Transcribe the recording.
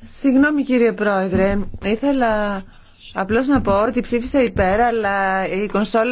Συγγνώμη κύριε Πρόεδρε, ήθελα απλώς να πω ότι ψήφισα υπέρ, αλλά η κονσόλα